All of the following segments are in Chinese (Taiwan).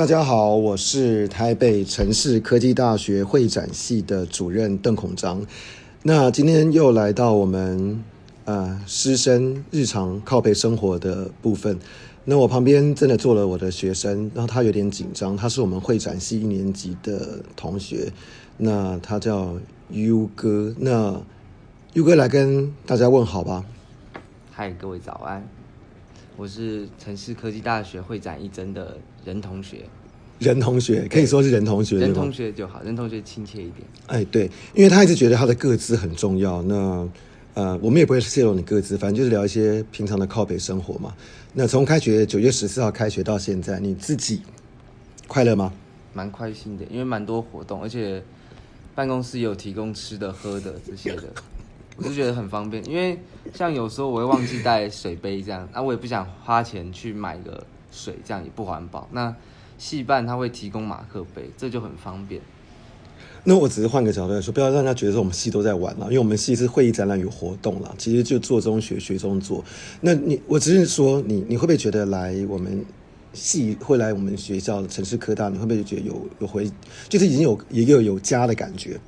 大家好，我是台北城市科技大學會展系的主任鄧孔章。那今天又來到我們呃師生日常靠北生活的部分。那我旁邊真的坐了我的學生，然後他有點緊張，他是我們會展系一年級的同學。那他叫優哥，那優哥來跟大家問好吧。嗨，各位早安。我是城市科技大學會展一真的任同學，任同學可以說是任同學，任同學就好，任同學親切一點。哎，對，因為他一直覺得他的個資很重要。那呃，我們也不會泄露你個資，反正就是聊一些平常的靠北生活嘛。那從開學九月十四號開學到現在，你自己快樂嗎？蠻開心的，因為蠻多活動，而且辦公室也有提供吃的、喝的這些的， 我就覺得很方便，因為。像有時候我會忘記帶水杯這樣，那、啊、我也不想花錢去買個水，這樣也不環保。那系辦他會提供馬克杯，這就很方便。那我只是換個角度來說，不要讓人家覺得我們系都在玩了，因為我們系是會議展覽與活動了。其實就做中學學中做。那你我只是說，你你會不會覺得來我們系會來我們學校的城市科大，你會不會覺得有有回就是已經有一個有，有家的感覺？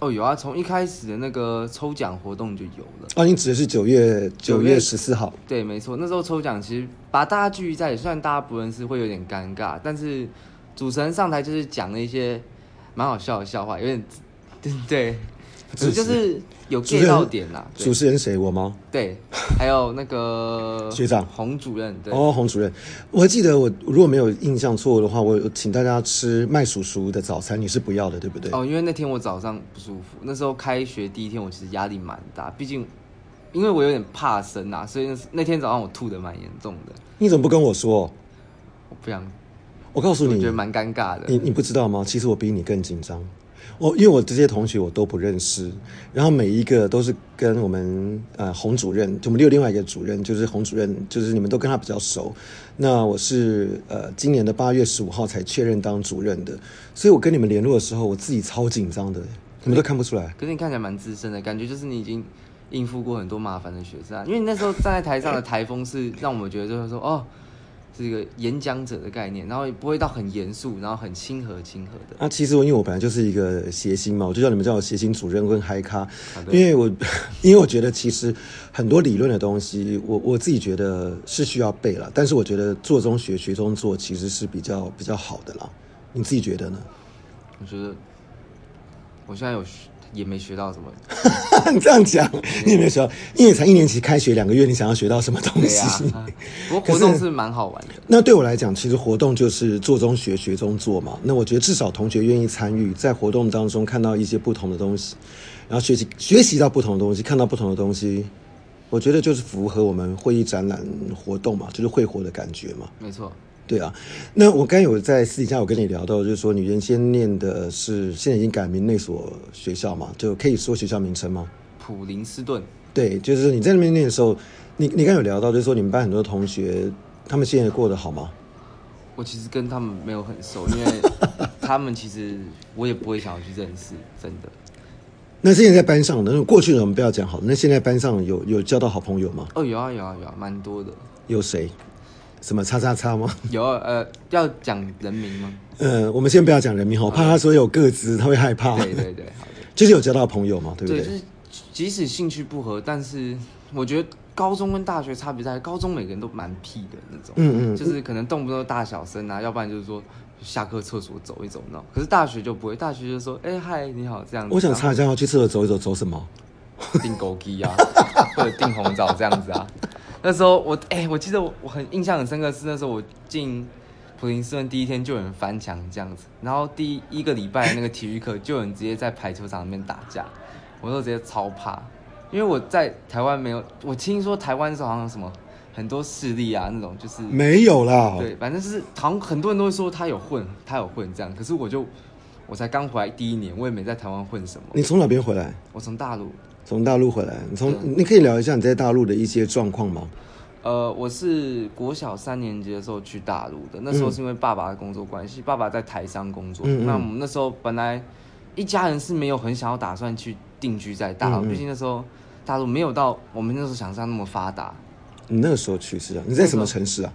哦，有啊，從一開始的那個抽獎活動就有了。哦，你指的是九月九月十四號？對，沒錯，那時候抽獎其實把大家聚集在，雖然大家不認識會有點尷尬，但是主持人上台就是講了一些蠻好笑的笑話，有點，對，對。只是、嗯、就是有 get 到點啦，啊。主持人是誰？我嗎？對，還有那個 學長洪主任。對哦，洪主任，我還記得，我如果沒有印象錯誤的話，我有請大家吃麥叔叔的早餐，你是不要的，對不對？哦，因為那天我早上不舒服，那時候開學第一天，我其實壓力蠻大，畢竟因為我有點怕生啊，所以那天早上我吐得蠻嚴重的。你怎麼不跟我說？我不想，我告訴你，我覺得蠻尷尬的。你你不知道嗎？其實我比你更緊張。我因為我這些同學我都不認識，然後每一個都是跟我們呃、洪主任，我們有另外一個主任，就是洪主任，就是你們都跟他比較熟。那我是呃今年的八月十五號才確認當主任的，所以我跟你們聯絡的時候，我自己超緊張的，你們都看不出來。可是，可是你看起來蠻資深的，感覺就是你已經應付過很多麻煩的學生啊，因為你那時候站在台上的台風是讓我們覺得就是說哦。是、這、一個演講者的概念，然後也不會到很嚴肅，然後很親和親和的。那、啊、其實，因為我本來就是一個諧星嘛，我就叫你們叫我諧星主任跟嗨咖、嗯。因為我， 因為我覺得其實很多理論的東西我，我我自己覺得是需要背了，但是我覺得做中學學中做其實是比較比較好的啦。你自己覺得呢？我覺得我現在有。也沒學到什麼， 你這樣講、嗯，你也沒學到？因、嗯、為才一年級開學兩個月，你想要學到什麼東西？啊、不過活動是蠻好玩的。那對我來講，其實活動就是做中學，學中做嘛。那我覺得至少同學願意參與，在活動當中看到一些不同的東西，然後學習學習到不同的東西，看到不同的東西，我覺得就是符合我們會議展覽活動嘛，就是會活的感覺嘛。沒錯。對啊，那我剛有在私底下有跟你聊到，就是說你原先念的是現在已經改名那所學校嘛，就可以說學校名稱嗎？普林斯頓。對，就是你在那邊念的時候，你你剛有聊到，就是說你們班很多同學，他們現在過得好嗎？我其實跟他們沒有很熟，因為他們其實我也不會想要去認識，真的。 那現在在班上的，那過去的我們不要講好了。那現在班上有有交到好朋友嗎？哦，有啊有啊有啊，蠻多的。有誰？什麼叉叉叉嗎？有呃，要講人名嗎？呃，我們先不要講人名，我怕他說有個資，他會害怕。對對對，對，就是有交到朋友嘛，對不對？對就是、即使興趣不合，但是我覺得高中跟大學差別在，高中每個人都蠻屁的那種，嗯嗯，就是可能動不動大小聲啊，要不然就是說下課廁所走一走那種。可是大學就不會，大學就是說，哎、欸、嗨，你好這樣、子這樣子。我想插一下、啊，去廁所走一走，走什麼？定枸杞啊， 或者定紅棗這樣子啊。 那時候我哎、欸，我記得我我很印象很深刻的是那時候我進普林斯頓第一天就有人翻牆這樣子，然後第一，一個禮拜那個體育課就有人直接在排球場裡面打架，我都直接超怕，因為我在台灣沒有，我聽說台灣的時候好像什麼很多勢力啊那種就是沒有啦，對，反正是好像很多人都會說他有混他有混這樣，可是我就我才剛回來第一年，我也沒在台灣混什麼。你從哪邊回來？我從大陸。從大陸回來，你從你可以聊一下你在大陸的一些狀況嗎？呃，我是國小三年級的時候去大陸的，那時候是因為爸爸的工作關係、嗯，爸爸在台商工作、嗯。那我們那時候本來一家人是沒有很想要打算去定居在大陸，畢、嗯、竟那時候大陸沒有到我們那時候想象那麼發達。你那個時候去是吧、啊？你在什麼城市啊？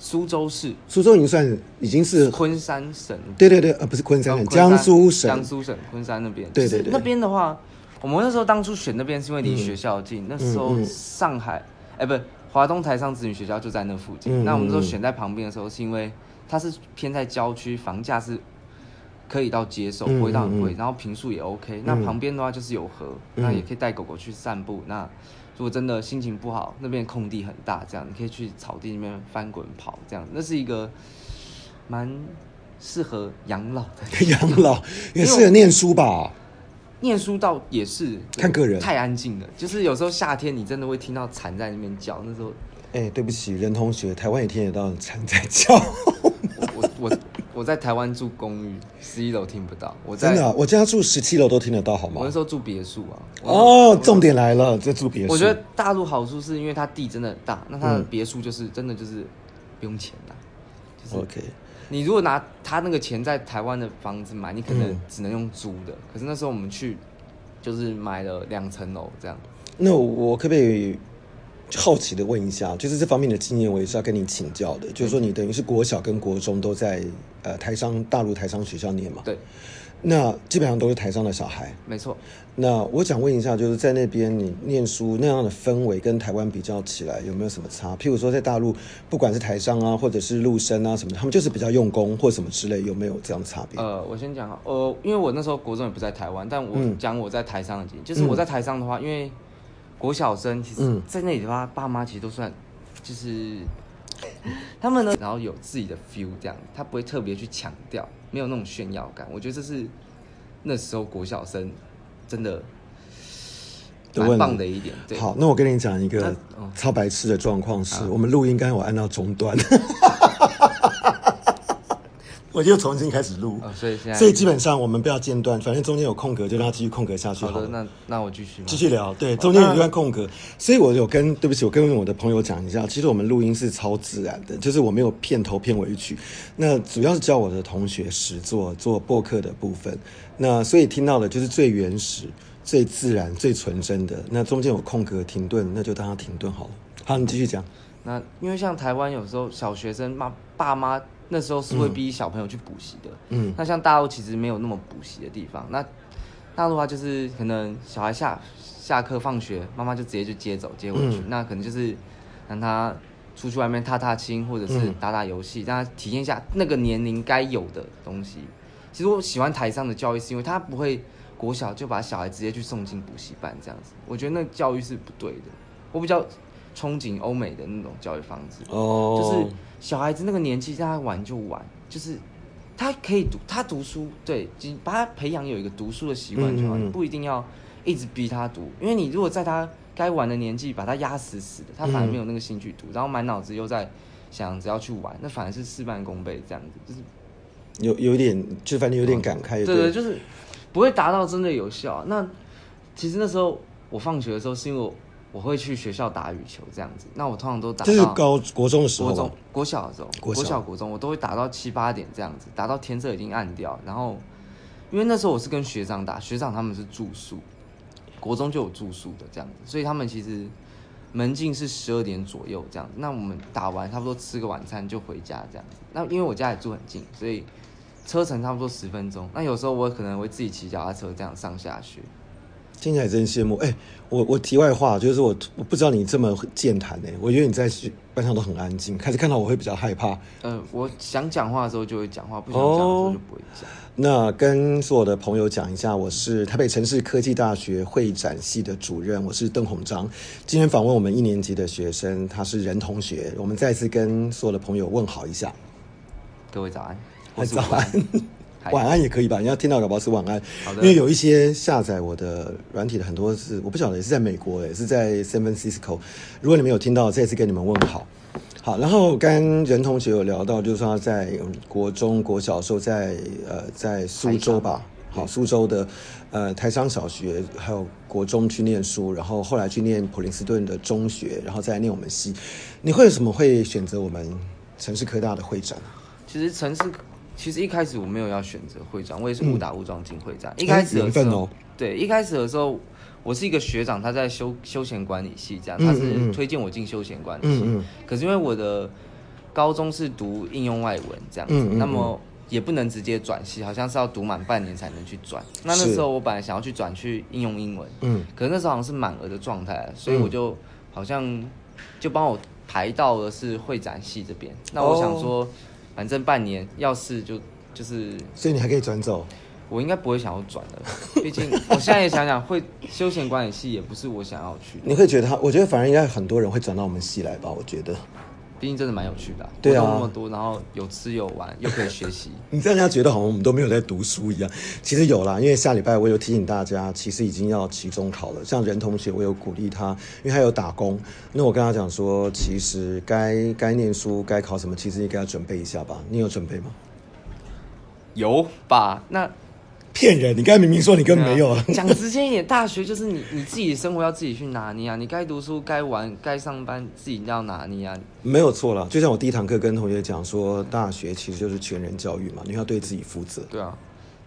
蘇州市，蘇州已經算已經是昆山省。對對對，呃、啊，不是昆山，、啊昆山，江蘇省，江蘇省昆山那邊。對對對，就是、那邊的話。我們那時候當初選那邊是因為離學校近，嗯。那時候上海，哎，嗯、嗯欸，不華東台商子女學校就在那附近，嗯嗯。那我們時候選在旁邊的時候，是因為它是偏在郊區，房價是可以到接受，不，嗯，會到很貴，嗯嗯，然後坪數也 OK，嗯。那旁邊的話就是有河，那也可以帶狗狗去散步，嗯。那如果真的心情不好，那邊空地很大，這樣你可以去草地那邊翻滾跑，這樣那是一個蠻適合養老的。養 老也適合念書吧。 念書倒也是看個人，太安靜了，就是有時候夏天，你真的會聽到蟬在那邊叫。那時候，哎、欸，對不起，任同學，台灣也聽得到蟬在叫。我我我，我在台灣住公寓，十一樓聽不到。我在真的、啊，我家住十七樓都聽得到，好嗎？我那時候住別墅啊。哦，重點來了，就住別墅。我覺得大陸好處是因為它地真的很大，那它的別墅就是、嗯、真的就是不用錢的、啊就是。OK。你如果拿他那個錢在台灣的房子買，你可能只能用租的。嗯，可是那時候我們去，就是買了兩層樓這樣。那我可不可以好奇的問一下，就是這方面的經驗，我也是要跟你請教的。就是說，你等於是國小跟國中都在呃、台商、大陸台商學校念嘛？對。那基本上都是台商的小孩，沒錯。那我想問一下，就是在那邊你唸書那樣的氛圍，跟台灣比較起來有沒有什麼差？譬如說在大陸，不管是台商啊，或者是陸生啊什麼，他們就是比較用功或什麼之類，有沒有這樣的差別？呃，我先講啊，呃，因為我那時候國中也不在台灣，但我講我在台商的經歷，嗯、就是我在台商的話，因為國小生其實，在那裡的話，爸媽其實都算就是。嗯、他們呢，然後有自己的 feel 這樣，他不會特別去強調，沒有那種炫耀感。我覺得這是那時候國小生真的蠻棒的一點。對，對，好，那我跟你講一個超白痴的狀況是，哦，我們錄音剛才我按到中斷。啊 我就重新開始錄，哦，所以現在所以基本上我們不要間斷，反正中間有空格就讓它繼續空格下去好了。好，那那我繼續繼續聊。對，中間有一段空格，哦，所以我有跟對不起，我跟我的朋友講一下，其實我們錄音是超自然的，就是我沒有片頭片尾曲。那主要是教我的同學實作做播客的部分，那所以聽到的就是最原始、最自然、最純真的。那中間有空格停頓，那就當它停頓好了。好，你繼續講。那因為像台灣有時候小學生媽爸媽。那時候是會逼小朋友去補習的，嗯，那像大陸其實沒有那麼補習的地方，嗯、那，大陸的話就是可能小孩下下課放學，媽媽就直接就接走接回去，嗯，那可能就是讓他出去外面踏踏青，或者是打打遊戲，嗯，讓他體驗一下那個年齡該有的東西。其實我喜歡台上的教育，是因為他不會國小就把小孩直接去送進補習班這樣子，我覺得那個教育是不對的。我比較憧憬歐美的那種教育方式，哦、oh.，就是小孩子那個年紀，讓他玩就玩，就是他可以讀，他讀書，對，把他培養有一個讀書的習慣就好，你不一定要一直逼他讀，mm -hmm. 因為你如果在他該玩的年紀把他壓死死的，他反而沒有那個興趣讀，mm -hmm. 然後滿腦子又在想只要去玩，那反而是事半功倍這樣子，就是有有點，就反正有點感慨，對對，對，就是不會達到真的有效、啊。那其實那時候我放學的時候，是因為我，我會去學校打羽球這樣子，那我通常都打到。這是高國中的時候，國中、國小的時候。國小、國中，我都會打到七八點這樣子，打到天色已經暗掉。然後，因為那時候我是跟學長打，學長他們是住宿，國中就有住宿的這樣子，所以他們其實門禁是十二點左右這樣子。那我們打完差不多吃個晚餐就回家這樣子。那因為我家裡住很近，所以車程差不多十分鐘。那有時候我可能我會自己騎腳踏車這樣上下學。聽起來真羨慕，哎、欸！我我題外話，就是我我不知道你這麼健談呢、欸，我以為你在班上都很安靜，開始看到我會比較害怕。呃，我想講話的時候就會講話，不想講話的時候就不會講、哦。那跟所有的朋友講一下，我是台北城市科技大學會展系的主任，我是鄧宏章。今天訪問我們一年級的學生，他是任同學。我們再次跟所有的朋友問好一下，各位早安，我是早安。晚安也可以吧，你要聽到搞不好是晚安。好的，因為有一些下載我的軟體的很多是，我不曉得也是在美國，也是在 San Francisco。如果你們有聽到，再次跟你們問好。好，然後跟任同學有聊到，就是他在國中國小時候，在呃在蘇州吧，好蘇、嗯、州的呃台商小學，還有國中去念書，然後後來去念普林斯頓的中學，然後再來念我們系。你會有什麼會選擇我們城市科大的會展？其實城市。其實一開始我沒有要選擇會展，我也是誤打誤撞進會展，嗯。一開始的時候，欸哦，對，一開始的時候，我是一個學長，他在休休閒管理系這樣，嗯嗯嗯，他是推薦我進休閒管理系，嗯嗯。可是因為我的高中是讀應用外文這樣子，嗯嗯嗯，那麼也不能直接轉系，好像是要讀滿半年才能去轉。那那時候我本來想要去轉去應用英文，嗯，可是那時候好像是滿額的狀態，所以我就好像就幫我排到了是會展系這邊。那我想說。哦反正半年，要是就就是，所以你還可以轉走，我應該不會想要轉的， 畢竟我現在也想想，會休閒管理系也不是我想要去。你會覺得他？我覺得反正應該很多人會轉到我們系來吧，我覺得。畢竟真的蠻有趣的、啊，對啊，那麼多，然後有吃有玩，又可以學習。 你這樣人家覺得好像我們都沒有在讀書一樣，其實有啦，因為下禮拜我有提醒大家，其實已經要期中考了。像任同學，我有鼓勵他，因為他有打工。那我跟他講說，其實該該念書、該考什麼，其實也給他準備一下吧。你有準備嗎？有吧？那。騙人！你剛才明明說你根本沒有了、啊。講直接一點，大學就是你你自己生活要自己去拿捏啊！你該讀書，該玩，該上班，自己要拿捏啊！沒有錯了，就像我第一堂課跟同學講說，大學其實就是全人教育嘛，你要對自己負責。對啊，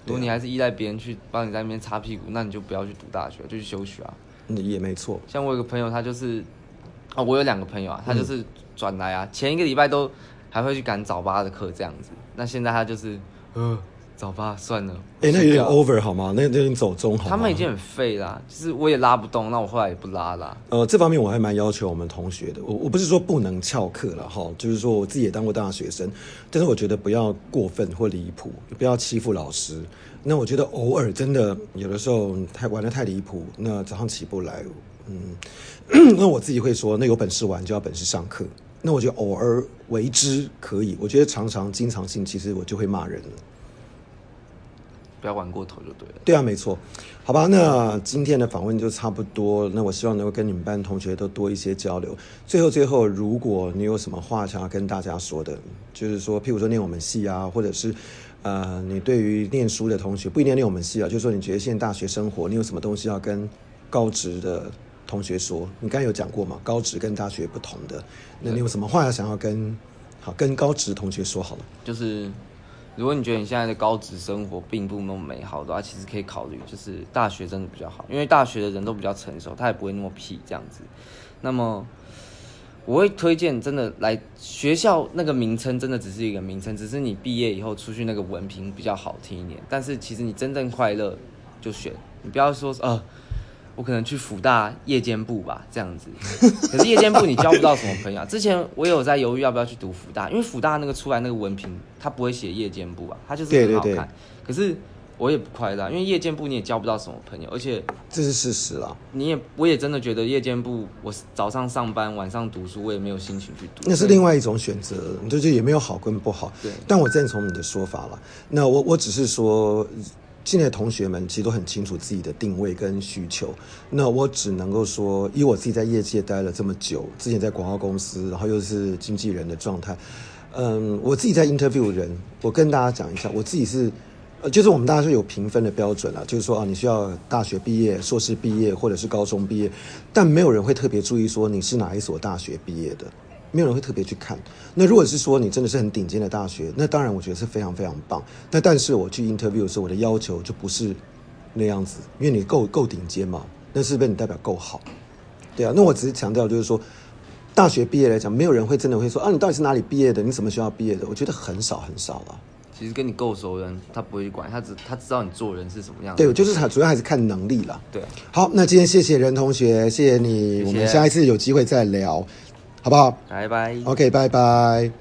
如果你還是依賴別人去幫你在那邊擦屁股，那你就不要去讀大學，就去休學啊！你也沒錯。像我有個朋友，他就是啊、哦，我有兩個朋友啊，他就是轉來啊、嗯，前一個禮拜都還會去趕早八的課這樣子，那現在他就是呃。嗯早八算了。哎、欸，那有點 over 好嗎？那有點走中好嗎。他們已經很廢啦，就是我也拉不動，那我後來也不拉了。呃，這方面我還蠻要求我們同學的。我我不是說不能翹課了哈，就是說我自己也當過大學生，但是我覺得不要過分或離譜，不要欺負老師。那我覺得偶爾真的有的時候太玩得太離譜，那早上起不來。嗯， 那我自己會說，那有本事玩就要本事上課。那我覺得偶爾為之可以。我覺得常常經常性，其實我就會罵人。不要玩過頭就對了。對啊，沒錯。好吧，那今天的訪問就差不多。那我希望能夠跟你們班同學都多一些交流。最後，最後，如果你有什麼話想要跟大家說的，就是說，譬如說念我們系啊，或者是，呃，你對於念書的同學不一定念我們系啊，就是說你覺得現在大學生活，你有什麼東西要跟高職的同學說？你剛才有講過嘛，高職跟大學不同的，那你有什麼話要想要跟好跟高職同學說好了？就是。如果你覺得你現在的高職生活並不那麼美好的話，其實可以考慮，就是大學真的比較好，因為大學的人都比較成熟，他也不會那麼屁這樣子。那麼我會推薦，真的來學校那個名稱真的只是一個名稱，只是你畢業以後出去那個文憑比較好聽一點。但是其實你真正快樂，就選你不要說說，呃。我可能去輔大夜間部吧，這樣子。可是夜間部你交不到什麼朋友。之前我也有在猶豫要不要去讀輔大，因為輔大那個出來那個文憑，他不會寫夜間部啊，他就是很好看。可是我也不快樂，因為夜間部你也交不到什麼朋友，而且這是事實啦。你也我也真的覺得夜間部，我早上上班，晚上讀書，我也沒有心情去讀。那是另外一種選擇，就是也沒有好跟不好。對。但我贊同你的說法了。那我我只是說。現在的同學們其實都很清楚自己的定位跟需求，那我只能夠說，以我自己在業界待了這麼久，之前在廣告公司，然後又是經紀人的狀態，嗯，我自己在 interview 人，我跟大家講一下，我自己是，呃，就是我們大家是有評分的標準啦，就是說啊，你需要大學畢業、碩士畢業或者是高中畢業，但沒有人會特別注意說你是哪一所大學畢業的。沒有人會特別去看。那如果是說你真的是很頂尖的大學，那當然我覺得是非常非常棒。那但是我去 interview 的時候，我的要求就不是那樣子，因為你夠夠頂尖嘛。那是不是你代表夠好？對啊。那我只是強調就是說，大學畢業來講，沒有人會真的會說啊，你到底是哪裡畢業的？你什麼學校畢業的？我覺得很少很少了啊。其實跟你夠熟的人，他不會管，他只他知道你做人是什麼樣的。對，就是他主要還是看能力了。對。好，那今天謝謝任同學，謝謝你。謝謝。我們下一次有機會再聊。好不好？拜拜。OK，拜拜。